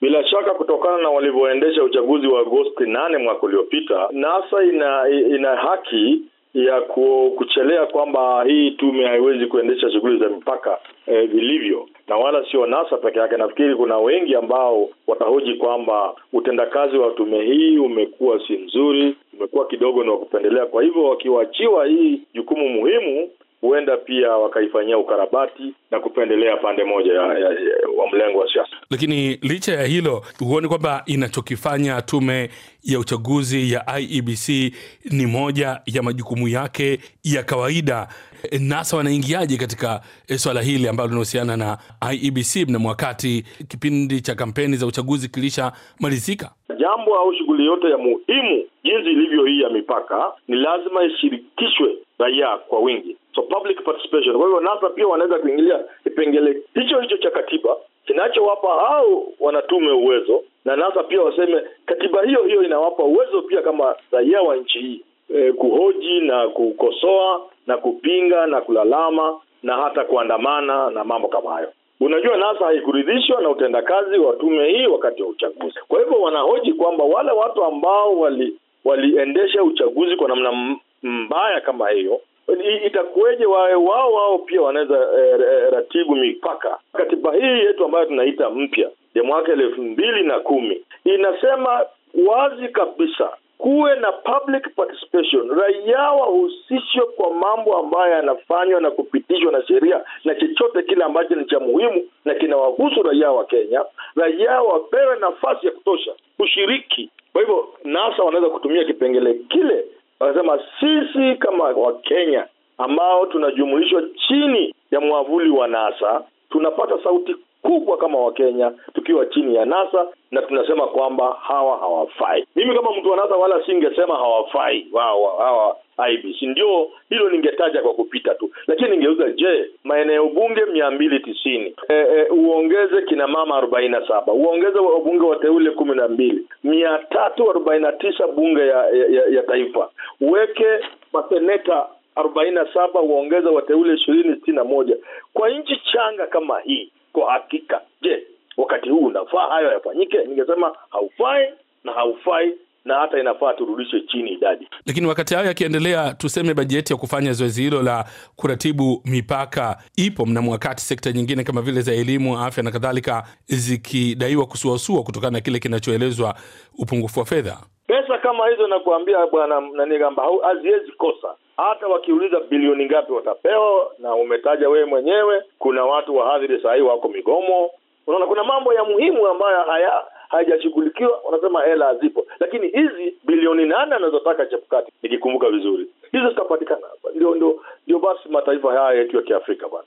Bila shaka kutokana na walivyoendesha uchaguzi wa Agosti nane mwaka uliopita, NASA ina, ina haki ya kuchelea kwamba hii tume haiwezi kuendesha shughuli za mipaka e, vilivyo, eh, na wala sio NASA peke yake. Nafikiri kuna wengi ambao watahoji kwamba utendakazi wa tume hii umekuwa si mzuri, umekuwa kidogo ni wa kupendelea. Kwa hivyo wakiwachiwa hii jukumu muhimu huenda pia wakaifanyia ukarabati na kupendelea pande moja ya, ya, ya, wa mlengo wa siasa. Lakini licha ya hilo, huoni kwamba inachokifanya tume ya uchaguzi ya IEBC ni moja ya majukumu yake ya kawaida? NASA wanaingiaje katika eh, swala hili ambalo linahusiana na IEBC mnamo wakati kipindi cha kampeni za uchaguzi kilishamalizika? Jambo au shughuli yote ya muhimu jinsi ilivyo hii ya mipaka, ni lazima ishirikishwe raia kwa wingi. So public participation. Kwa hivyo NASA pia wanaweza kuingilia kipengele hicho hicho cha katiba kinachowapa hao wanatume uwezo, na NASA pia waseme katiba hiyo hiyo inawapa uwezo pia kama raia wa nchi hii e, kuhoji na kukosoa na kupinga na kulalama na hata kuandamana na mambo kama hayo. Unajua, NASA haikuridhishwa na utendakazi wa tume hii wakati wa uchaguzi. Kwa hivyo wanahoji kwamba wale watu ambao wali waliendesha uchaguzi kwa namna mbaya kama hiyo itakuweje? Wao wao wao pia wanaweza eh, eh, ratibu mipaka. Katiba hii yetu ambayo tunaita mpya ya mwaka elfu mbili na kumi inasema wazi kabisa kuwe na public participation, raia wahusishwe kwa mambo ambayo yanafanywa na kupitishwa na sheria na chochote kile ambacho ni cha muhimu na kinawahusu raia wa Kenya. Raia wapewe nafasi ya kutosha kushiriki. Kwa hivyo NASA wanaweza kutumia kipengele kile Wanasema sisi kama Wakenya ambao tunajumuishwa chini ya mwavuli wa NASA tunapata sauti kubwa kama Wakenya tukiwa chini ya NASA na tunasema kwamba hawa hawafai. Mimi kama mtu wa NASA wala singesema hawafai hawa, hawa IEBC ndio hilo ningetaja kwa kupita tu, lakini ningeuza, je, maeneo bunge mia mbili tisini e, e, uongeze kina mama arobaini na saba uongeze wabunge wateule kumi na mbili mia tatu arobaini na tisa bunge ya, ya, ya, ya taifa uweke maseneta arobaini na saba uongeze wateule ishirini sitini na moja kwa nchi changa kama hii. Kwa hakika, je, wakati huu unafaa hayo yafanyike? Ningesema haufai na haufai na hata inafaa turudishwe chini idadi. Lakini wakati hayo yakiendelea, tuseme bajeti ya kufanya zoezi hilo la kuratibu mipaka ipo mnamwakati sekta nyingine kama vile za elimu, afya na kadhalika zikidaiwa kusuasua kutokana na kile kinachoelezwa upungufu wa fedha pesa kama hizo nakuambia bwana nani kwamba haziwezi kosa hata wakiuliza bilioni ngapi watapewa, na umetaja wewe mwenyewe, kuna watu wahadhiri sahii wako migomo. Unaona, kuna mambo ya muhimu ambayo haya haijashughulikiwa, wanasema hela hazipo, lakini hizi bilioni nane anazotaka Chebukati, nikikumbuka vizuri, hizo zitapatikana. Ndio, ndio, ndio basi mataifa haya yetu ya Kiafrika bwana.